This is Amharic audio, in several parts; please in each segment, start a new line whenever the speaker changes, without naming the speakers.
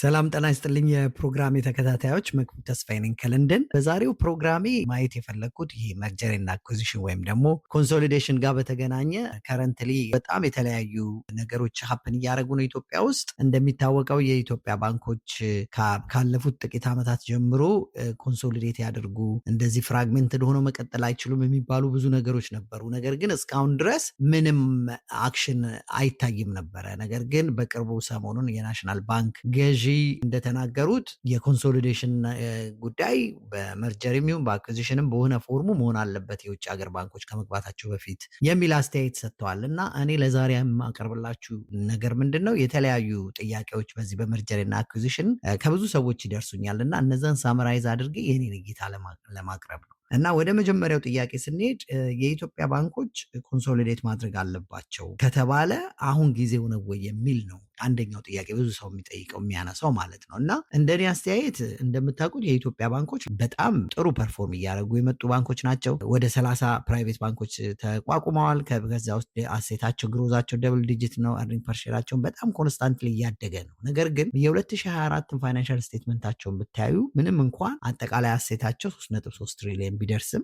ሰላም ጠና ይስጥልኝ። የፕሮግራሜ ተከታታዮች መክቡ ተስፋዬ ከለንደን። በዛሬው ፕሮግራሜ ማየት የፈለግኩት ይህ መርጀር አኩዚሽን ወይም ደግሞ ኮንሶሊዴሽን ጋር በተገናኘ ከረንትሊ በጣም የተለያዩ ነገሮች ሀፕን እያደረጉ ነው ኢትዮጵያ ውስጥ። እንደሚታወቀው የኢትዮጵያ ባንኮች ካለፉት ጥቂት ዓመታት ጀምሮ ኮንሶሊዴት ያደርጉ እንደዚህ ፍራግሜንትድ ሆነው መቀጠል አይችሉም የሚባሉ ብዙ ነገሮች ነበሩ። ነገር ግን እስካሁን ድረስ ምንም አክሽን አይታይም ነበረ። ነገር ግን በቅርቡ ሰሞኑን የናሽናል ባንክ ገዥ ገዢ እንደተናገሩት የኮንሶሊዴሽን ጉዳይ በመርጀር የሚሆን በአኩዚሽንም በሆነ ፎርሙ መሆን አለበት የውጭ ሀገር ባንኮች ከመግባታቸው በፊት የሚል አስተያየት ሰጥተዋል። እና እኔ ለዛሬ የማቀርብላችሁ ነገር ምንድን ነው የተለያዩ ጥያቄዎች በዚህ ና አኩዚሽን ከብዙ ሰዎች ይደርሱኛል እና እነዛን ሳምራይዝ አድርጌ የኔን እይታ ለማቅረብ ነው። እና ወደ መጀመሪያው ጥያቄ ስንሄድ የኢትዮጵያ ባንኮች ኮንሶሊዴት ማድረግ አለባቸው ከተባለ አሁን ጊዜው ነው የሚል ነው አንደኛው ጥያቄ ብዙ ሰው የሚጠይቀው የሚያነሳው ማለት ነው። እና እኔ አስተያየት እንደምታውቁት የኢትዮጵያ ባንኮች በጣም ጥሩ ፐርፎርም እያደረጉ የመጡ ባንኮች ናቸው። ወደ ሰላሳ ፕራይቬት ባንኮች ተቋቁመዋል። ከዛ ውስጥ አሴታቸው ግሮዛቸው ደብል ዲጂት ነው። አርኒንግ ፐርሼራቸውን በጣም ኮንስታንትሊ እያደገ ነው። ነገር ግን የ2024 ፋይናንሻል ስቴትመንታቸውን ብታዩ ምንም እንኳን አጠቃላይ አሴታቸው 3.3 ትሪሊየን ቢደርስም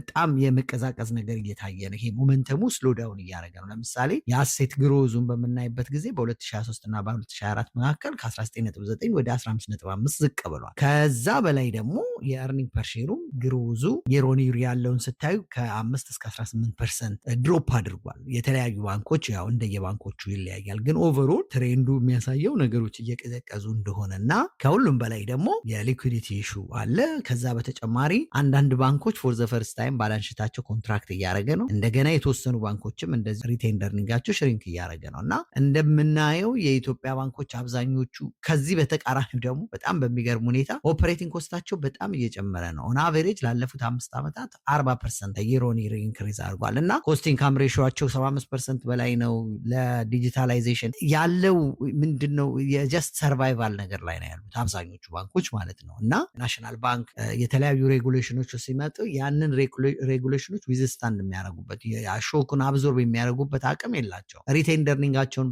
በጣም የመቀዛቀዝ ነገር እየታየ ነው። ይሄ ሞመንተሙ ስሎዳውን እያደረገ ነው። ለምሳሌ የአሴት ግሮዙን በምናይበት ጊዜ በ2023 በ2023 እና በ2024 መካከል ከ19.9 ወደ 15.5 ዝቅ ብሏል። ከዛ በላይ ደግሞ የእርኒንግ ፐርሼሩ ግሩዙ የሮኒር ያለውን ስታዩ ከ5 እስከ 18 ፐርሰንት ድሮፕ አድርጓል። የተለያዩ ባንኮች ያው እንደየባንኮቹ ይለያያል፣ ግን ኦቨሮል ትሬንዱ የሚያሳየው ነገሮች እየቀዘቀዙ እንደሆነ እና ከሁሉም በላይ ደግሞ የሊኩዲቲ ኢሹ አለ። ከዛ በተጨማሪ አንዳንድ ባንኮች ፎር ዘ ፈርስት ታይም ባላንሽታቸው ኮንትራክት እያደረገ ነው። እንደገና የተወሰኑ ባንኮችም እንደዚህ ሪቴንደርኒንጋቸው ሽሪንክ እያደረገ ነው እና እንደምናየው የኢትዮጵያ ባንኮች አብዛኞቹ ከዚህ በተቃራኒ ደግሞ በጣም በሚገርም ሁኔታ ኦፕሬቲንግ ኮስታቸው በጣም እየጨመረ ነው። ኦን አቨሬጅ ላለፉት አምስት ዓመታት አርባ ፐርሰንት የሮኒር ኢንክሪዝ አድርጓል እና ኮስት ኢንካም ሬሽዮቸው ሰባ አምስት ፐርሰንት በላይ ነው። ለዲጂታላይዜሽን ያለው ምንድን ነው የጀስት ሰርቫይቫል ነገር ላይ ነው ያሉት አብዛኞቹ ባንኮች ማለት ነው እና ናሽናል ባንክ የተለያዩ ሬጉሌሽኖች ሲመጡ ያንን ሬጉሌሽኖች ዊዝስታንድ የሚያደርጉበት ሾኩን አብዞርብ የሚያደርጉበት አቅም የላቸው ሪቴይንድ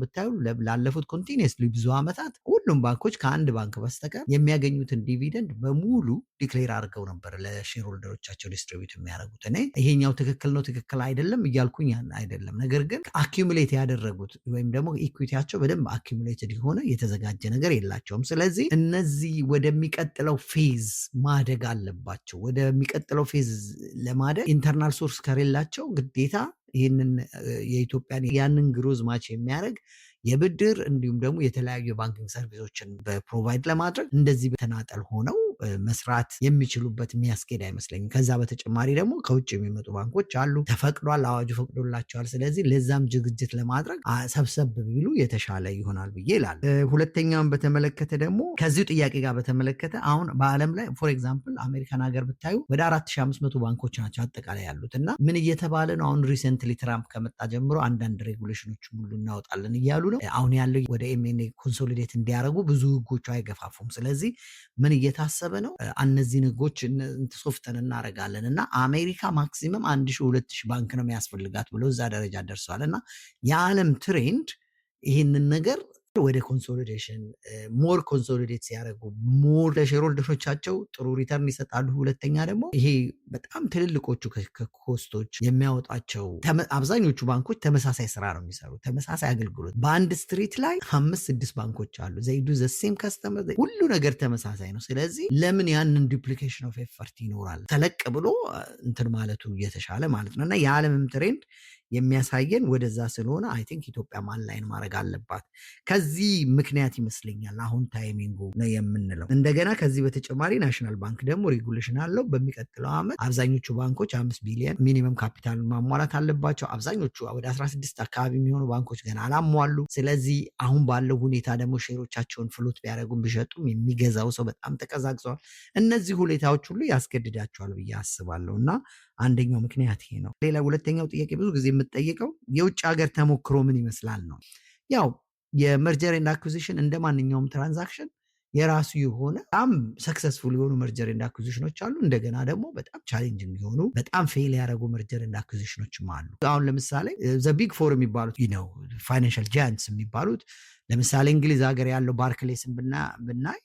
ብታዩ ላለፉት ባለፉት ኮንቲኒስ ብዙ ዓመታት ሁሉም ባንኮች ከአንድ ባንክ በስተቀር የሚያገኙትን ዲቪደንድ በሙሉ ዲክሌር አድርገው ነበር ለሼር ዲስትሪቢዩት የሚያደርጉት። እኔ ይሄኛው ትክክል ነው ትክክል አይደለም እያልኩኝ አይደለም። ነገር ግን አኪሙሌት ያደረጉት ወይም ደግሞ ኢኩዊቲያቸው በደንብ አኪሙሌትድ የሆነ የተዘጋጀ ነገር የላቸውም። ስለዚህ እነዚህ ወደሚቀጥለው ፌዝ ማደግ አለባቸው። ወደሚቀጥለው ፌዝ ለማደግ ኢንተርናል ሶርስ ከሌላቸው ግዴታ ይህንን የኢትዮጵያን ያንን ግሮዝ ማች የሚያደርግ የብድር እንዲሁም ደግሞ የተለያዩ የባንኪንግ ሰርቪሶችን በፕሮቫይድ ለማድረግ እንደዚህ ተናጠል ሆነው መስራት የሚችሉበት የሚያስኬድ አይመስለኝም። ከዛ በተጨማሪ ደግሞ ከውጭ የሚመጡ ባንኮች አሉ፣ ተፈቅዷል፣ አዋጁ ፈቅዶላቸዋል። ስለዚህ ለዛም ዝግጅት ለማድረግ ሰብሰብ ቢሉ የተሻለ ይሆናል ብዬ ይላል። ሁለተኛውን በተመለከተ ደግሞ ከዚሁ ጥያቄ ጋር በተመለከተ አሁን በአለም ላይ ፎር ኤግዛምፕል አሜሪካን ሀገር ብታዩ ወደ 4500 ባንኮች ናቸው አጠቃላይ ያሉት እና ምን እየተባለ ነው አሁን ሪሰንትሊ ትራምፕ ከመጣ ጀምሮ አንዳንድ ሬጉሌሽኖች ሁሉ እናወጣለን እያሉ ነው። አሁን ያለው ወደ ኤምኤንኤ ኮንሶሊዴት እንዲያደረጉ ብዙ ህጎቹ አይገፋፉም። ስለዚህ ምን እየታሰበ እየታሰበ ነው። እነዚህን ህጎች ሶፍትን እናደርጋለን እና አሜሪካ ማክሲመም አንድ ሺ ሁለት ሺ ባንክ ነው የሚያስፈልጋት ብሎ እዛ ደረጃ ደርሰዋል እና የዓለም ትሬንድ ይህንን ነገር ወደ ኮንሶሊዴሽን ሞር ኮንሶሊዴት ሲያደርጉ ሞር ለሼርሆልደሮቻቸው ጥሩ ሪተርን ይሰጣሉ። ሁለተኛ ደግሞ ይሄ በጣም ትልልቆቹ ከኮስቶች የሚያወጣቸው አብዛኞቹ ባንኮች ተመሳሳይ ስራ ነው የሚሰሩ ተመሳሳይ አገልግሎት። በአንድ ስትሪት ላይ አምስት ስድስት ባንኮች አሉ። ዘይዱ ዘሴም ከስተመር ሁሉ ነገር ተመሳሳይ ነው። ስለዚህ ለምን ያንን ዱፕሊኬሽን ኦፍ ኤፈርት ይኖራል? ተለቅ ብሎ እንትን ማለቱ እየተሻለ ማለት ነው እና የዓለምም ትሬንድ የሚያሳየን ወደዛ ስለሆነ አይ ቲንክ ኢትዮጵያ ማንላይን ማድረግ አለባት። ከዚህ ምክንያት ይመስለኛል አሁን ታይሚንጉ ነው የምንለው። እንደገና ከዚህ በተጨማሪ ናሽናል ባንክ ደግሞ ሬጉሌሽን አለው። በሚቀጥለው ዓመት አብዛኞቹ ባንኮች አምስት ቢሊዮን ሚኒመም ካፒታል ማሟላት አለባቸው። አብዛኞቹ ወደ 16 አካባቢ የሚሆኑ ባንኮች ገና አላሟሉ። ስለዚህ አሁን ባለው ሁኔታ ደግሞ ሼሮቻቸውን ፍሎት ቢያደረጉም ቢሸጡም የሚገዛው ሰው በጣም ተቀዛቅዘዋል። እነዚህ ሁኔታዎች ሁሉ ያስገድዳቸዋል ብዬ አስባለሁ እና አንደኛው ምክንያት ይሄ ነው። ሌላ ሁለተኛው ጥያቄ ብዙ ጊዜ የምጠየቀው የውጭ ሀገር ተሞክሮ ምን ይመስላል ነው። ያው የመርጀር ኤንድ አኩዚሽን እንደ ማንኛውም ትራንዛክሽን የራሱ የሆነ በጣም ሰክሰስፉል የሆኑ መርጀር ኤንድ አኩዚሽኖች አሉ። እንደገና ደግሞ በጣም ቻሌንጅ የሚሆኑ በጣም ፌል ያደረጉ መርጀር ኤንድ አኩዚሽኖችም አሉ። አሁን ለምሳሌ ዘ ቢግ ፎር የሚባሉት ነው ፋይናንሻል ጃያንትስ የሚባሉት ለምሳሌ እንግሊዝ ሀገር ያለው ባርክሌስን ብናይ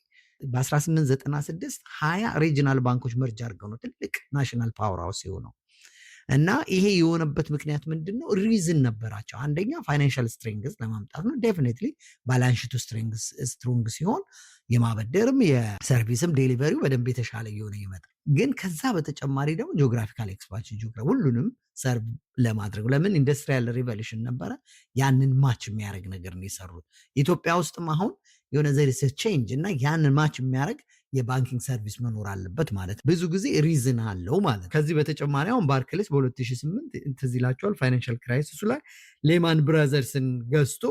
በ1896 20 ሪጅናል ባንኮች መርጅ አድርገው ነው ትልቅ ናሽናል ፓወር የሆነው። እና ይሄ የሆነበት ምክንያት ምንድን ነው? ሪዝን ነበራቸው። አንደኛ ፋይናንሻል ስትሬንግስ ለማምጣት ነው። ዴፊኔትሊ ባላንሽቱ ስትሮንግ ሲሆን የማበደርም የሰርቪስም ዴሊቨሪው በደንብ የተሻለ እየሆነ ይመጣል። ግን ከዛ በተጨማሪ ደግሞ ጂኦግራፊካል ኤክስፓንሽን ጂኦግራ ሁሉንም ሰርቭ ለማድረግ ለምን ኢንዱስትሪያል ሪቨሉሽን ነበረ። ያንን ማች የሚያደርግ ነገር ነው የሰሩት። ኢትዮጵያ ውስጥም አሁን የሆነ ዘሪስ ቼንጅ እና ያንን ማች የሚያደርግ የባንኪንግ ሰርቪስ መኖር አለበት ማለት ብዙ ጊዜ ሪዝን አለው ማለት። ከዚህ በተጨማሪ አሁን ባርክሌስ በ2008 ትዝ ይላቸዋል ክራይሲሱ ላይ ሌማን ብራዘርስን ገዝቶ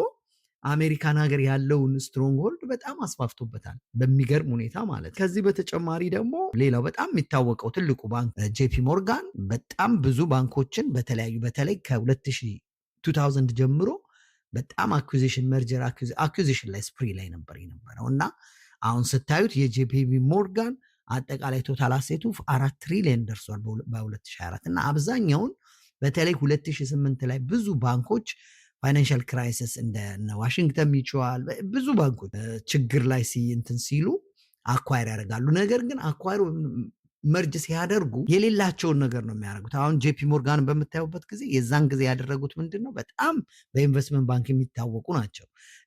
አሜሪካን ሀገር ያለውን ስትሮንግ ሆልድ በጣም አስፋፍቶበታል በሚገርም ሁኔታ ማለት። ከዚህ በተጨማሪ ደግሞ ሌላው በጣም የሚታወቀው ትልቁ ባንክ ጄፒ ሞርጋን በጣም ብዙ ባንኮችን በተለያዩ በተለይ ከ2000 ጀምሮ በጣም አኩዚሽን መርጀር አኩዚሽን ላይ ስፕሪ ላይ ነበር የነበረው እና አሁን ስታዩት የጄፒቢ ሞርጋን አጠቃላይ ቶታል አሴቱ አራት ትሪሊየን ደርሷል በ2024 እና አብዛኛውን በተለይ 2008 ላይ ብዙ ባንኮች ፋይናንሻል ክራይሲስ እንደ ዋሽንግተን ሚችዋል ብዙ ባንኮች ችግር ላይ እንትን ሲሉ አኳር ያደርጋሉ። ነገር ግን አኳር መርጅ ሲያደርጉ የሌላቸውን ነገር ነው የሚያደርጉት። አሁን ጄፒ ሞርጋን በምታዩበት ጊዜ የዛን ጊዜ ያደረጉት ምንድን ነው? በጣም በኢንቨስትመንት ባንክ የሚታወቁ ናቸው።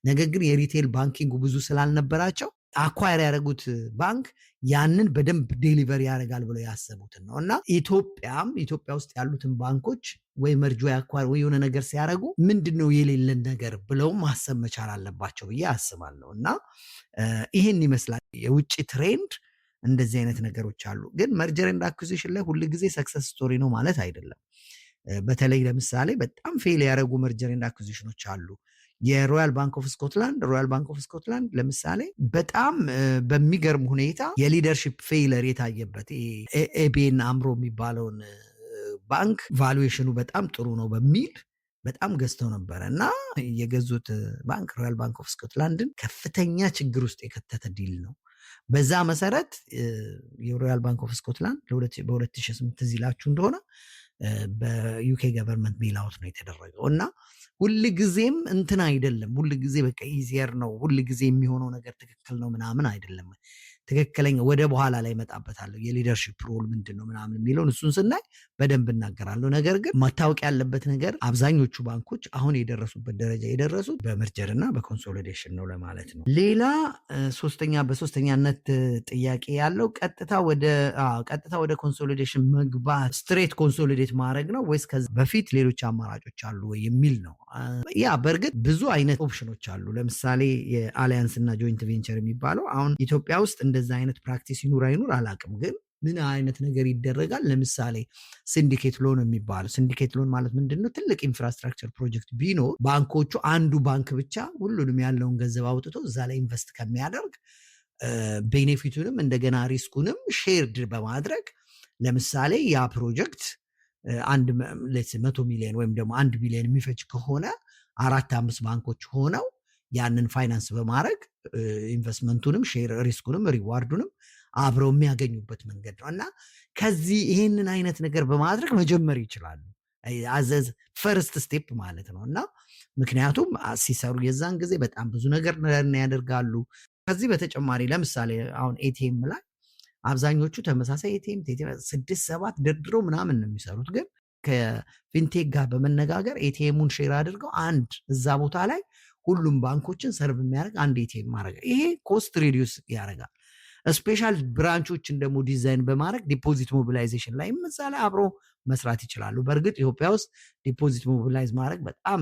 ነገር ግን የሪቴል ባንኪንጉ ብዙ ስላልነበራቸው አኳር ያደረጉት ባንክ ያንን በደንብ ዴሊቨር ያደርጋል ብለው ያሰቡትን ነው እና ኢትዮጵያም ኢትዮጵያ ውስጥ ያሉትን ባንኮች ወይ መርጅ ወይ ወይ የሆነ ነገር ሲያደርጉ ምንድን ነው የሌለን ነገር ብለው ማሰብ መቻል አለባቸው ብዬ አስባለሁ እና ይህን ይመስላል የውጭ ትሬንድ እንደዚህ አይነት ነገሮች አሉ። ግን መርጀር ኤንድ አኩዚሽን ላይ ሁል ጊዜ ሰክሰስ ስቶሪ ነው ማለት አይደለም። በተለይ ለምሳሌ በጣም ፌል ያደረጉ መርጀር ኤንድ አኩዚሽኖች አሉ። የሮያል ባንክ ኦፍ ስኮትላንድ ሮያል ባንክ ኦፍ ስኮትላንድ ለምሳሌ በጣም በሚገርም ሁኔታ የሊደርሺፕ ፌይለር የታየበት ኤቤን አምሮ የሚባለውን ባንክ ቫሉዌሽኑ በጣም ጥሩ ነው በሚል በጣም ገዝተው ነበረ እና የገዙት ባንክ ሮያል ባንክ ኦፍ ስኮትላንድን ከፍተኛ ችግር ውስጥ የከተተ ዲል ነው። በዛ መሰረት የሮያል ባንክ ኦፍ ስኮትላንድ በ2008 እዚህ ላችሁ እንደሆነ በዩኬ ገቨርንመንት ሜላውት ነው የተደረገው እና ሁል ጊዜም እንትን አይደለም። ሁል ጊዜ በቃ ኢዚየር ነው፣ ሁል ጊዜ የሚሆነው ነገር ትክክል ነው ምናምን አይደለም። ትክክለኛ ወደ በኋላ ላይ እመጣበታለሁ የሊደርሽፕ ሮል ምንድን ነው ምናምን የሚለውን እሱን ስናይ በደንብ እናገራለሁ። ነገር ግን መታወቅ ያለበት ነገር አብዛኞቹ ባንኮች አሁን የደረሱበት ደረጃ የደረሱት በመርጀርና እና በኮንሶሊዴሽን ነው ለማለት ነው። ሌላ ሶስተኛ በሶስተኛነት ጥያቄ ያለው ቀጥታ ወደ ቀጥታ ወደ ኮንሶሊዴሽን መግባት ስትሬት ኮንሶሊዴት ማድረግ ነው ወይስ ከዛ በፊት ሌሎች አማራጮች አሉ ወይ የሚል ነው። ያ በእርግጥ ብዙ አይነት ኦፕሽኖች አሉ። ለምሳሌ የአሊያንስ እና ጆይንት ቬንቸር የሚባለው አሁን ኢትዮጵያ ውስጥ እንደዛ አይነት ፕራክቲስ ይኑር አይኑር አላቅም፣ ግን ምን አይነት ነገር ይደረጋል? ለምሳሌ ሲንዲኬት ሎን የሚባለው ሲንዲኬት ሎን ማለት ምንድን ነው? ትልቅ ኢንፍራስትራክቸር ፕሮጀክት ቢኖር ባንኮቹ አንዱ ባንክ ብቻ ሁሉንም ያለውን ገንዘብ አውጥቶ እዛ ላይ ኢንቨስት ከሚያደርግ ቤኔፊቱንም እንደገና ሪስኩንም ሼርድ በማድረግ ለምሳሌ ያ ፕሮጀክት አንድ መቶ ሚሊዮን ወይም ደግሞ አንድ ቢሊዮን የሚፈጅ ከሆነ አራት አምስት ባንኮች ሆነው ያንን ፋይናንስ በማድረግ ኢንቨስትመንቱንም ሼር ሪስኩንም ሪዋርዱንም አብረው የሚያገኙበት መንገድ ነው እና ከዚህ ይሄንን አይነት ነገር በማድረግ መጀመር ይችላሉ። አዘዝ ፈርስት ስቴፕ ማለት ነው እና ምክንያቱም ሲሰሩ የዛን ጊዜ በጣም ብዙ ነገር ያደርጋሉ። ከዚህ በተጨማሪ ለምሳሌ አሁን ኤቲኤም ላይ አብዛኞቹ ተመሳሳይ ኤቲኤም ስድስት ሰባት ደርድሮ ምናምን ነው የሚሰሩት ግን ከፊንቴክ ጋር በመነጋገር ኤቲኤሙን ሼር አድርገው አንድ እዛ ቦታ ላይ ሁሉም ባንኮችን ሰርቭ የሚያደርግ አንድ ኤቲኤም ማድረግ ይሄ ኮስት ሬዲዩስ ያደርጋል። ስፔሻል ብራንቾችን ደግሞ ዲዛይን በማድረግ ዲፖዚት ሞቢላይዜሽን ላይ ምሳሌ አብሮ መስራት ይችላሉ። በእርግጥ ኢትዮጵያ ውስጥ ዲፖዚት ሞቢላይዝ ማድረግ በጣም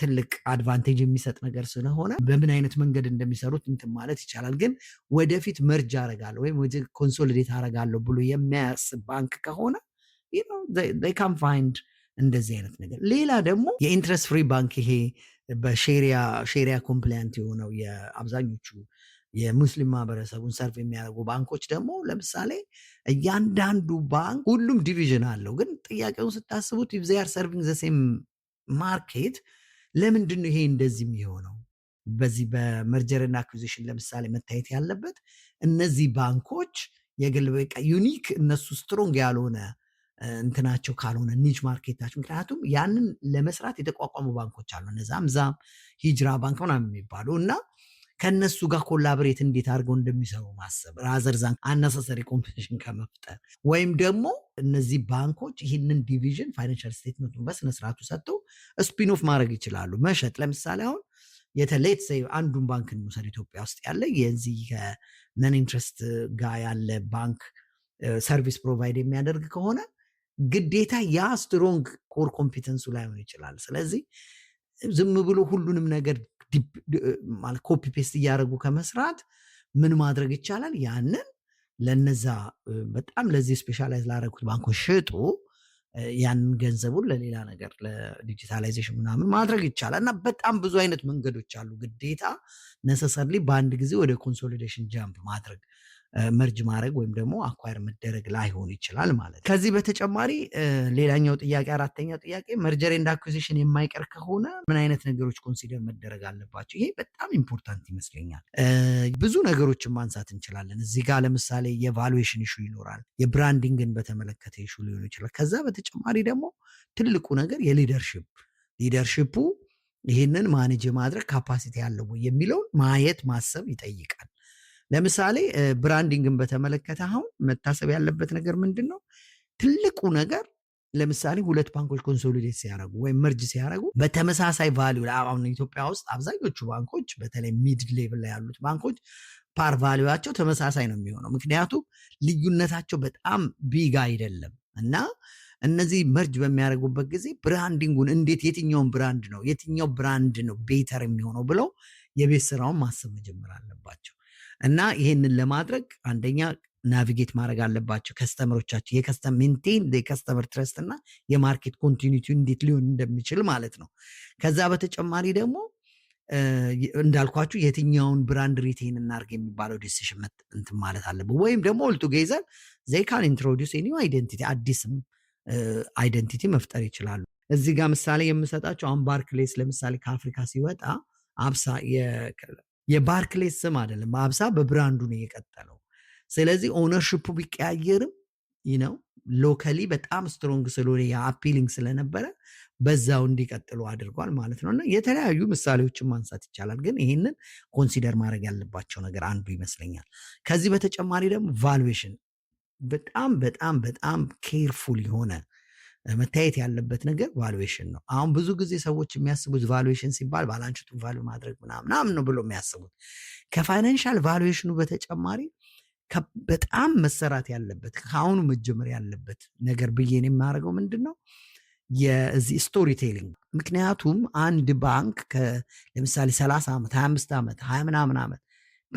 ትልቅ አድቫንቴጅ የሚሰጥ ነገር ስለሆነ በምን አይነት መንገድ እንደሚሰሩት እንትን ማለት ይቻላል። ግን ወደፊት መርጅ አረጋለሁ ወይም ወደ ኮንሶሊዴት አረጋለሁ ብሎ የሚያስብ ባንክ ከሆነ ካም ፋይንድ እንደዚህ አይነት ነገር። ሌላ ደግሞ የኢንትረስት ፍሪ ባንክ ይሄ በሼሪያ ሼሪያ የሆነው የአብዛኞቹ የሙስሊም ማህበረሰቡን ሰርቭ የሚያደርጉ ባንኮች ደግሞ ለምሳሌ እያንዳንዱ ባንክ ሁሉም ዲቪዥን አለው። ግን ጥያቄውን ስታስቡት ዘያር ሰርቪንግ ማርኬት ለምንድን ይሄ እንደዚህ የሚሆነው? በዚህ በመርጀርና አኩዚሽን ለምሳሌ መታየት ያለበት እነዚህ ባንኮች የግል ዩኒክ እነሱ ስትሮንግ ያልሆነ እንትናቸው ካልሆነ ኒች ማርኬታቸው ምክንያቱም ያንን ለመስራት የተቋቋሙ ባንኮች አሉ። እነዛም ዛም ሂጅራ ባንክ ምናምን የሚባሉ እና ከነሱ ጋር ኮላብሬት እንዴት አድርገው እንደሚሰሩ ማሰብ ራዘርዛን አነሳሰሪ ኮምፒቲሽን ከመፍጠር ወይም ደግሞ እነዚህ ባንኮች ይህንን ዲቪዥን ፋይናንሻል ስቴትመንቱን በስነስርዓቱ ሰጥተው ስፒንኦፍ ማድረግ ይችላሉ። መሸጥ ለምሳሌ አሁን የተለይ አንዱን ባንክ እንውሰድ። ኢትዮጵያ ውስጥ ያለ የዚህ ከነን ኢንትረስት ጋር ያለ ባንክ ሰርቪስ ፕሮቫይድ የሚያደርግ ከሆነ ግዴታ ያ ስትሮንግ ኮር ኮምፒተንሱ ላይሆን ይችላል። ስለዚህ ዝም ብሎ ሁሉንም ነገር ኮፒ ፔስት እያደረጉ ከመስራት ምን ማድረግ ይቻላል? ያንን ለነዛ በጣም ለዚህ ስፔሻላይዝ ላደረጉት ባንኮች ሽጡ ያንን ገንዘቡን ለሌላ ነገር ለዲጂታላይዜሽን ምናምን ማድረግ ይቻላል። እና በጣም ብዙ አይነት መንገዶች አሉ። ግዴታ ነሰሰርሊ በአንድ ጊዜ ወደ ኮንሶሊዴሽን ጃምፕ ማድረግ መርጅ ማድረግ ወይም ደግሞ አኳር መደረግ ላይሆን ይችላል ማለት ነው። ከዚህ በተጨማሪ ሌላኛው ጥያቄ አራተኛው ጥያቄ መርጀር ኤንድ አኩዚሽን የማይቀር ከሆነ ምን አይነት ነገሮች ኮንሲደር መደረግ አለባቸው? ይሄ በጣም ኢምፖርታንት ይመስለኛል። ብዙ ነገሮችን ማንሳት እንችላለን እዚህ ጋር ለምሳሌ የቫሉዌሽን ኢሹ ይኖራል። የብራንዲንግን በተመለከተ ኢሹ ሊሆን ይችላል። ከዛ በተጨማሪ ደግሞ ትልቁ ነገር የሊደርሽፕ ሊደርሽፑ ይህንን ማኔጅ የማድረግ ካፓሲቲ ያለው የሚለውን ማየት ማሰብ ይጠይቃል። ለምሳሌ ብራንዲንግን በተመለከተ አሁን መታሰብ ያለበት ነገር ምንድን ነው? ትልቁ ነገር ለምሳሌ ሁለት ባንኮች ኮንሶሊዴት ሲያደርጉ ወይም መርጅ ሲያደረጉ በተመሳሳይ ቫሊዩ አሁን ኢትዮጵያ ውስጥ አብዛኞቹ ባንኮች በተለይ ሚድ ሌቭል ላይ ያሉት ባንኮች ፓር ቫሊዩቸው ተመሳሳይ ነው የሚሆነው። ምክንያቱም ልዩነታቸው በጣም ቢግ አይደለም እና እነዚህ መርጅ በሚያደርጉበት ጊዜ ብራንዲንጉን እንዴት የትኛውን ብራንድ ነው የትኛው ብራንድ ነው ቤተር የሚሆነው ብለው የቤት ስራውን ማሰብ መጀመር አለባቸው። እና ይህንን ለማድረግ አንደኛ ናቪጌት ማድረግ አለባቸው ከስተመሮቻቸው የከስተም ሜንቴን የከስተመር ትረስት እና የማርኬት ኮንቲኒቲ እንዴት ሊሆን እንደሚችል ማለት ነው። ከዛ በተጨማሪ ደግሞ እንዳልኳችሁ የትኛውን ብራንድ ሪቴን እናርግ የሚባለው ዲሲሽን እንትን ማለት አለብ ወይም ደግሞ ኦልቱጌዘር ዘይ ዘይካን ኢንትሮዲስ ኒ አይደንቲቲ አዲስም አይደንቲቲ መፍጠር ይችላሉ። እዚህ ጋር ምሳሌ የምሰጣቸው አምባርክሌስ ለምሳሌ ከአፍሪካ ሲወጣ አብሳ የባርክሌስ ስም አይደለም አብሳ በብራንዱ ነው የቀጠለው። ስለዚህ ኦነርሽፑ ቢቀያየርም ነው ሎካሊ በጣም ስትሮንግ ስለሆነ የአፒሊንግ ስለነበረ በዛው እንዲቀጥሉ አድርጓል ማለት ነው። እና የተለያዩ ምሳሌዎችን ማንሳት ይቻላል፣ ግን ይህንን ኮንሲደር ማድረግ ያለባቸው ነገር አንዱ ይመስለኛል። ከዚህ በተጨማሪ ደግሞ ቫሉዌሽን በጣም በጣም በጣም ኬርፉል የሆነ መታየት ያለበት ነገር ቫሉዌሽን ነው። አሁን ብዙ ጊዜ ሰዎች የሚያስቡት ቫሉዌሽን ሲባል ባላንችቱን ቫሉ ማድረግ ምናምናም ነው ብሎ የሚያስቡት ከፋይናንሻል ቫሉዌሽኑ በተጨማሪ በጣም መሰራት ያለበት ከአሁኑ መጀመር ያለበት ነገር ብዬን የማደርገው ምንድን ነው የዚህ ስቶሪ ቴሊንግ። ምክንያቱም አንድ ባንክ ለምሳሌ 30 ዓመት 25 ዓመት 20 ምናምን ዓመት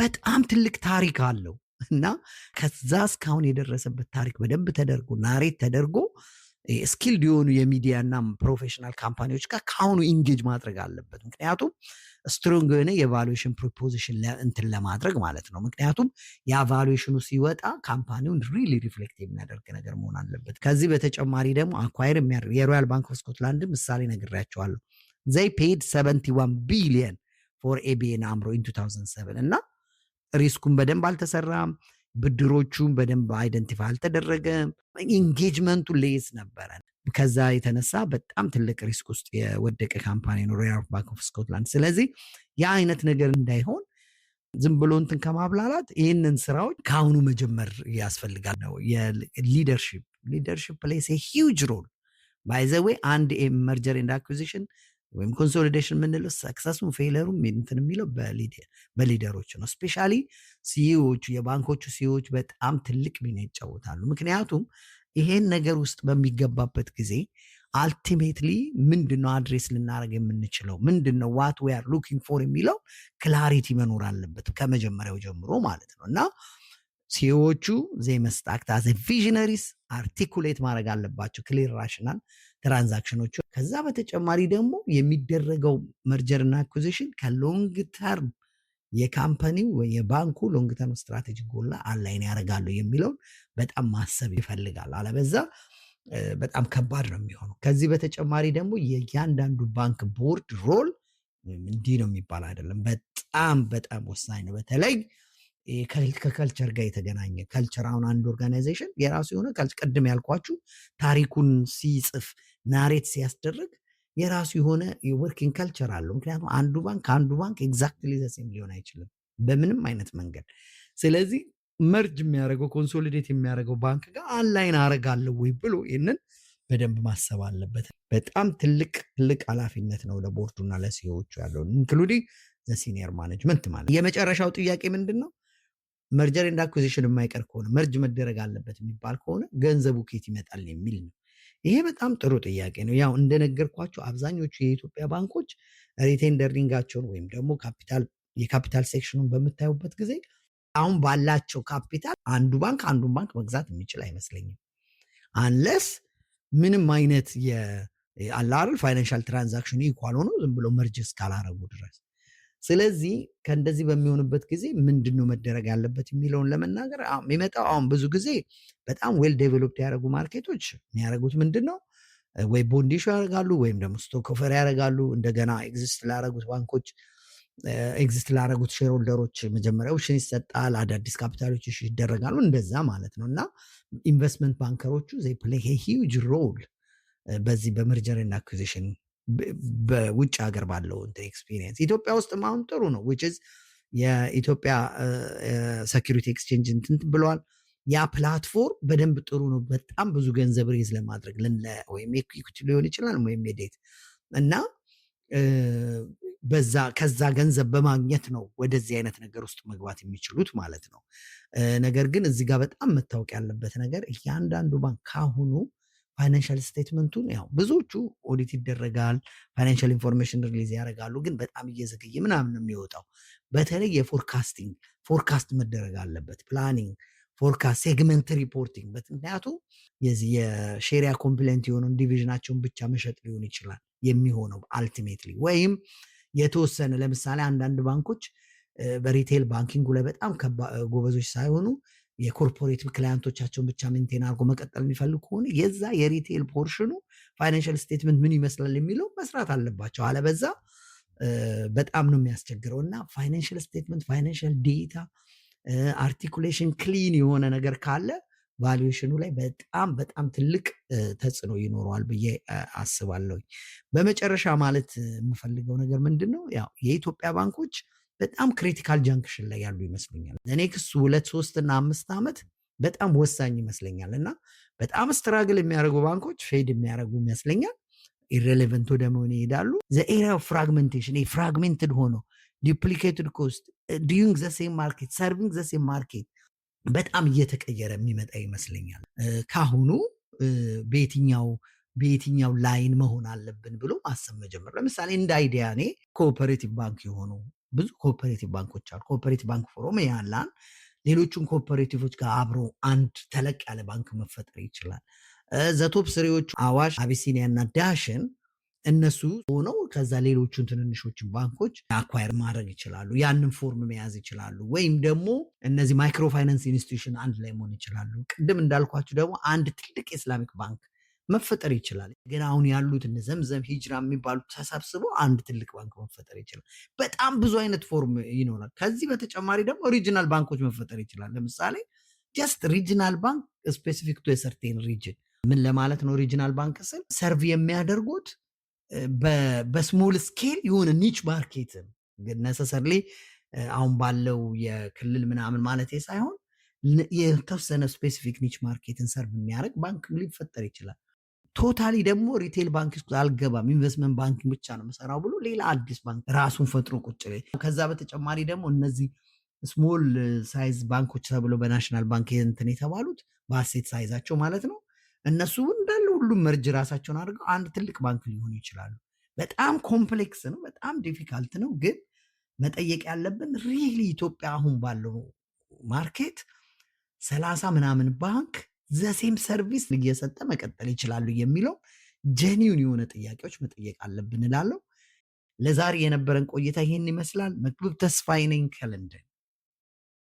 በጣም ትልቅ ታሪክ አለው እና ከዛ እስካሁን የደረሰበት ታሪክ በደንብ ተደርጎ ናሬት ተደርጎ ስኪልድ የሆኑ የሚዲያና ፕሮፌሽናል ካምፓኒዎች ጋር ከአሁኑ ኢንጌጅ ማድረግ አለበት። ምክንያቱም ስትሮንግ የሆነ የቫሉዌሽን ፕሮፖዚሽን እንትን ለማድረግ ማለት ነው። ምክንያቱም ያ ቫሉዌሽኑ ሲወጣ ካምፓኒውን ሪሊ ሪፍሌክት የሚያደርግ ነገር መሆን አለበት። ከዚህ በተጨማሪ ደግሞ አኳይር የሚያደርግ የሮያል ባንክ ኦፍ ስኮትላንድ ምሳሌ ነግሬያቸዋለሁ። ዘይ ፔድ 71 ቢሊየን ፎር ኤቢኤን አምሮ ኢን 2007 እና ሪስኩን በደንብ አልተሰራም። ብድሮቹን በደንብ አይደንቲፋ አልተደረገም። ኢንጌጅመንቱ ሌስ ነበረ። ከዛ የተነሳ በጣም ትልቅ ሪስክ ውስጥ የወደቀ ካምፓኒ ነው ሮያል ባንክ ኦፍ ስኮትላንድ። ስለዚህ ያ አይነት ነገር እንዳይሆን ዝም ብሎ እንትን ከማብላላት ይህንን ስራዎች ከአሁኑ መጀመር ያስፈልጋል ነው የሊደርሺፕ ሊደርሽፕ ፕሌይስ ሂውጅ ሮል ባይ ዘ ዌይ አንድ መርጀር ኤንድ አኩዚሽን ወይም ኮንሶሊዴሽን የምንለው ሰክሰሱም ፌለሩም እንትን የሚለው በሊደሮች ነው። ስፔሻሊ ሲዎቹ የባንኮቹ ሲዎች በጣም ትልቅ ሚና ይጫወታሉ። ምክንያቱም ይሄን ነገር ውስጥ በሚገባበት ጊዜ አልቲሜትሊ ምንድነው አድሬስ ልናደርግ የምንችለው ምንድነው ዋት ዌ አር ሉኪንግ ፎር የሚለው ክላሪቲ መኖር አለበት ከመጀመሪያው ጀምሮ ማለት ነው እና ሲኢዎቹ ዜ ቪዥነሪስ አርቲኩሌት ማድረግ አለባቸው ክሊር ራሽናል ትራንዛክሽኖች። ከዛ በተጨማሪ ደግሞ የሚደረገው መርጀርና አኩዚሽን ከሎንግ ተርም የካምፓኒው ወይ የባንኩ ሎንግ ተርም ስትራቴጂ ጎላ አላይን ያደርጋሉ የሚለውን በጣም ማሰብ ይፈልጋል። አለበዛ በጣም ከባድ ነው የሚሆነው። ከዚህ በተጨማሪ ደግሞ የእያንዳንዱ ባንክ ቦርድ ሮል እንዲህ ነው የሚባል አይደለም። በጣም በጣም ወሳኝ ነው በተለይ ከከልቸር ጋር የተገናኘ ከልቸር አሁን አንድ ኦርጋናይዜሽን የራሱ የሆነ ቅድም ያልኳችሁ ታሪኩን ሲጽፍ ናሬት ሲያስደርግ የራሱ የሆነ የወርኪንግ ከልቸር አለው። ምክንያቱም አንዱ ባንክ ከአንዱ ባንክ ኤግዛክትሊ ዘሴም ሊሆን አይችልም በምንም አይነት መንገድ። ስለዚህ መርጅ የሚያደርገው ኮንሶሊዴት የሚያደርገው ባንክ ጋር አንላይን አረጋለሁ ወይ ብሎ ይህንን በደንብ ማሰብ አለበት። በጣም ትልቅ ትልቅ ኃላፊነት ነው ለቦርዱና ለሲዎቹ ያለው ኢንክሉዲንግ ሲኒየር ማኔጅመንት ማለት። የመጨረሻው ጥያቄ ምንድን ነው? መርጀር ኤንድ አኩዚሽን የማይቀር ከሆነ መርጅ መደረግ አለበት የሚባል ከሆነ ገንዘቡ ኬት ይመጣል የሚል ነው። ይሄ በጣም ጥሩ ጥያቄ ነው። ያው እንደነገርኳቸው አብዛኞቹ የኢትዮጵያ ባንኮች ሪቴንደሪንጋቸውን ወይም ደግሞ የካፒታል ሴክሽኑን በምታዩበት ጊዜ አሁን ባላቸው ካፒታል አንዱ ባንክ አንዱን ባንክ መግዛት የሚችል አይመስለኝም። አንለስ ምንም አይነት የአላርል ፋይናንሻል ትራንዛክሽን ይኳል ሆኖ ዝም ብሎ መርጅ እስካላረጉ ድረስ ስለዚህ ከእንደዚህ በሚሆንበት ጊዜ ምንድን ነው መደረግ ያለበት የሚለውን ለመናገር የሚመጣው አሁን ብዙ ጊዜ በጣም ዌል ዴቨሎፕድ ያደረጉ ማርኬቶች የሚያደረጉት ምንድን ነው ወይ ቦንድ ያደርጋሉ ወይም ደግሞ ስቶክ ኦፈር ያደርጋሉ። እንደገና ኤግዚስት ላደረጉት ባንኮች ኤግዚስት ላደረጉት ሼር ሆልደሮች መጀመሪያ ኦፕሽን ይሰጣል። አዳዲስ ካፒታሎች ይደረጋሉ። እንደዛ ማለት ነው እና ኢንቨስትመንት ባንከሮቹ ሂውጅ ሮል በዚህ በመርጀር እና አኩዚሽን በውጭ ሀገር ባለው ኤክስፒሪየንስ ኢትዮጵያ ውስጥም አሁን ጥሩ ነው። ዊችዝ የኢትዮጵያ ሰኪሪቲ ኤክስቼንጅ እንትን ብለዋል። ያ ፕላትፎርም በደንብ ጥሩ ነው። በጣም ብዙ ገንዘብ ሬዝ ለማድረግ ወይም ሊሆን ይችላል ወይም የዴት እና በዛ ከዛ ገንዘብ በማግኘት ነው ወደዚህ አይነት ነገር ውስጥ መግባት የሚችሉት ማለት ነው። ነገር ግን እዚህ ጋር በጣም መታወቅ ያለበት ነገር እያንዳንዱ ባንክ ካሁኑ ፋይናንሻል ስቴትመንቱን ያው ብዙዎቹ ኦዲት ይደረጋል፣ ፋይናንሻል ኢንፎርሜሽን ሪሊዝ ያደርጋሉ፣ ግን በጣም እየዘገየ ምናምን የሚወጣው በተለይ የፎርካስቲንግ ፎርካስት መደረግ አለበት። ፕላኒንግ፣ ፎርካስት፣ ሴግመንት ሪፖርቲንግ። በምክንያቱ የዚህ የሼሪያ ኮምፕሌንት የሆነውን ዲቪዥናቸውን ብቻ መሸጥ ሊሆን ይችላል የሚሆነው አልቲሜትሊ ወይም የተወሰነ ለምሳሌ አንዳንድ ባንኮች በሪቴል ባንኪንጉ ላይ በጣም ጎበዞች ሳይሆኑ የኮርፖሬት ክላያንቶቻቸውን ብቻ ሜንቴን አድርጎ መቀጠል የሚፈልግ ከሆነ የዛ የሪቴል ፖርሽኑ ፋይናንሻል ስቴትመንት ምን ይመስላል የሚለው መስራት አለባቸው። አለበዛ በጣም ነው የሚያስቸግረው። እና ፋይናንሽል ስቴትመንት፣ ፋይናንሽል ዴታ አርቲኩሌሽን ክሊን የሆነ ነገር ካለ ቫሉዌሽኑ ላይ በጣም በጣም ትልቅ ተጽዕኖ ይኖረዋል ብዬ አስባለሁ። በመጨረሻ ማለት የምፈልገው ነገር ምንድን ነው ያው የኢትዮጵያ ባንኮች በጣም ክሪቲካል ጃንክሽን ላይ ያሉ ይመስለኛል እኔ ክሱ ሁለት ሶስት እና አምስት ዓመት በጣም ወሳኝ ይመስለኛል እና በጣም ስትራግል የሚያደርጉ ባንኮች ፌድ የሚያደርጉ ይመስለኛል። ኢሬሌቨንት ወደ መሆን ይሄዳሉ። ዘኤሪያ ፍራግሜንቴሽን ፍራግሜንትድ ሆኖ ዲፕሊኬትድ ኮስት ዲዩንግ ዘሴም ማርኬት ሰርቪንግ ዘሴም ማርኬት በጣም እየተቀየረ የሚመጣ ይመስለኛል። ካሁኑ በየትኛው በየትኛው ላይን መሆን አለብን ብሎ ማሰብ መጀመር። ለምሳሌ እንደ አይዲያ እኔ ኮኦፐሬቲቭ ባንክ የሆኑ ብዙ ኮኦፐሬቲቭ ባንኮች አሉ። ኮኦፐሬቲቭ ባንክ ፎሮም ያላን ሌሎቹን ኮኦፐሬቲቮች ጋር አብሮ አንድ ተለቅ ያለ ባንክ መፈጠር ይችላል። ዘቶፕ ስሬዎቹ አዋሽ፣ አቢሲኒያ እና ዳሽን እነሱ ሆነው ከዛ ሌሎቹን ትንንሾችን ባንኮች አኳየር ማድረግ ይችላሉ። ያንን ፎርም መያዝ ይችላሉ። ወይም ደግሞ እነዚህ ማይክሮ ፋይናንስ ኢንስቲቱሽን አንድ ላይ መሆን ይችላሉ። ቅድም እንዳልኳችሁ ደግሞ አንድ ትልቅ ኢስላሚክ ባንክ መፈጠር ይችላል። ግን አሁን ያሉት እነ ዘምዘም ሂጅራ የሚባሉት ተሰብስበው አንድ ትልቅ ባንክ መፈጠር ይችላል። በጣም ብዙ አይነት ፎርም ይኖራል። ከዚህ በተጨማሪ ደግሞ ሪጅናል ባንኮች መፈጠር ይችላል። ለምሳሌ ጀስት ሪጅናል ባንክ ስፔሲፊክ ቱ የሰርቴን ሪጅን። ምን ለማለት ነው ሪጅናል ባንክ ስል? ሰርቭ የሚያደርጉት በስሞል ስኬል የሆነ ኒች ማርኬትን ነሰሰርሌ አሁን ባለው የክልል ምናምን ማለት ሳይሆን የተወሰነ ስፔሲፊክ ኒች ማርኬትን ሰርቭ የሚያደርግ ባንክ ሊፈጠር ይችላል። ቶታሊ ደግሞ ሪቴል ባንክ አልገባም ኢንቨስትመንት ባንክ ብቻ ነው መሰራው ብሎ ሌላ አዲስ ባንክ ራሱን ፈጥሮ ቁጭ ላይ ከዛ በተጨማሪ ደግሞ እነዚህ ስሞል ሳይዝ ባንኮች ተብሎ በናሽናል ባንክ እንትን የተባሉት በአሴት ሳይዛቸው ማለት ነው። እነሱ እንዳለ ሁሉም መርጅ ራሳቸውን አድርገው አንድ ትልቅ ባንክ ሊሆኑ ይችላሉ። በጣም ኮምፕሌክስ ነው፣ በጣም ዲፊካልት ነው። ግን መጠየቅ ያለብን ሪሊ ኢትዮጵያ አሁን ባለው ማርኬት ሰላሳ ምናምን ባንክ ዘሴም ሰርቪስ እየሰጠ መቀጠል ይችላሉ የሚለው ጀኒውን የሆነ ጥያቄዎች መጠየቅ አለብን እላለሁ። ለዛሬ የነበረን ቆይታ ይህን ይመስላል። መክብብ ተስፋይነኝ ከለንደን።